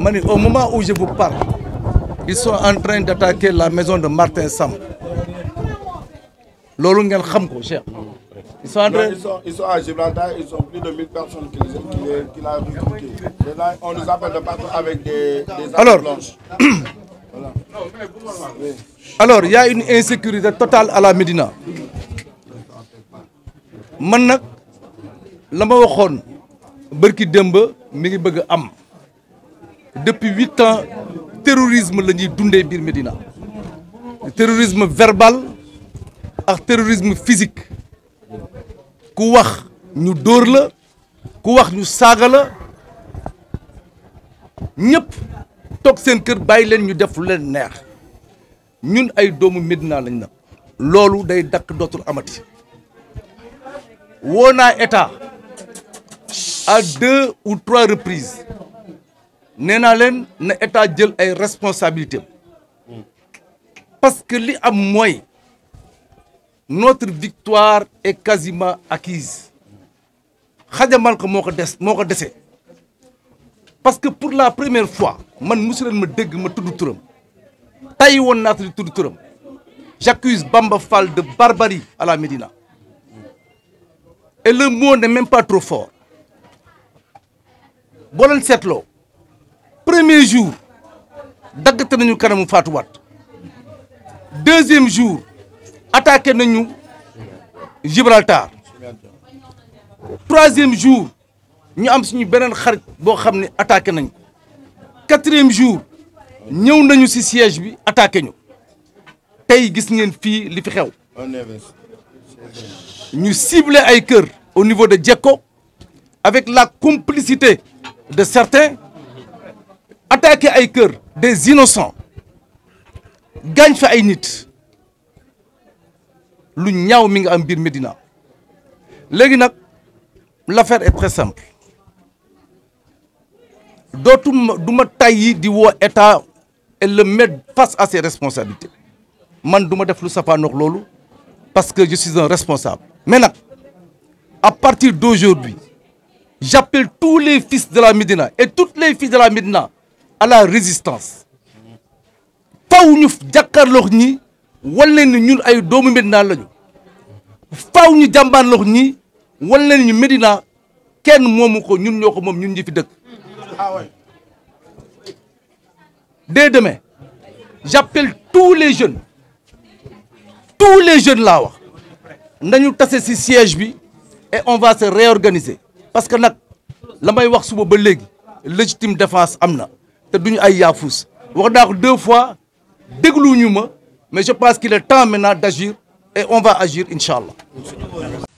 ma ni au moment ou je vous parle ils sont en train d'attaquer la maison de Martin Sam loolu ngeen xam ko Cheikh. ils sont en train ils sont ils sont plus de mille personnes qui la recruté on alors il a une insécurité totale à la Médina man nag la ma waxoon bërki démb mi ngi bëgg am. depuis huit ans terrorisme la ñuy dundee biir Médina terrorisme verbal ak terrorisme physique ku wax ñu dóor la ku wax ñu saaga la ñëpp toog seen kër bàyyi leen ñu def lu leen neex ñun ay doomu Médina lañ na loolu day dakk dootul amati woo naa état à deux ou trois reprises nee naa leen na état jël ay responsabilités parce que li am mooy notre victoire est quasiment akiis xajamal ko moo ko des moo ko dese parce que pour la première fois man mosu leen ma dégg ma tudd turam tay woon naa di tudd turam j'accuse Bamba Fall de barbarie à la Médina et le mot n'est même pas trop fort boo leen seetloo premier jour daggate nañu kanamu Fatou Wade deuxième jour attaqué nañu Gibraltar troisième jour ñu am suñu beneen xarit boo xam ne attaqué nañu quatrième jour ñëw nañu si siège bi attaqué ñu tey gis ngeen fii li fi xew ñu ciblé ay kër au niveau de Djekko avec la complicité de certains attaqué ay kër des innocents gaañ fa ay nit lu ñaaw mi nga am biir Médina léegi nag l'affaire est très simple dootuma du ma tàyyi di woo état et le mettre face à ses responsabilités man du ma def lu safaanook loolu parce que je suis un responsable mais nag à partir d'aujourd'hui j'appelle tous les fils de la Médina et toutes les filles de la Médina à la résistance faw ñu jàkkaarloog ñi wan leen ni ñun ay doomu Médina lañu faw ñu jàmbaarloog ñi wan leen ñu Médina kenn moomu ko ñun ñoo ko moom ñun ñi fi dëkk. dès demain jàppel tous les jeunes tous les jeunes laa wax nañu tase ci siège bi et on va se parce que nag la may wax suba ba léegi légitime défense am na. te duñu ay yaafus wax naa ko deux fois dégluñu ma mais je pense qu'il est temps maintenant d'agir et on va agir incha allah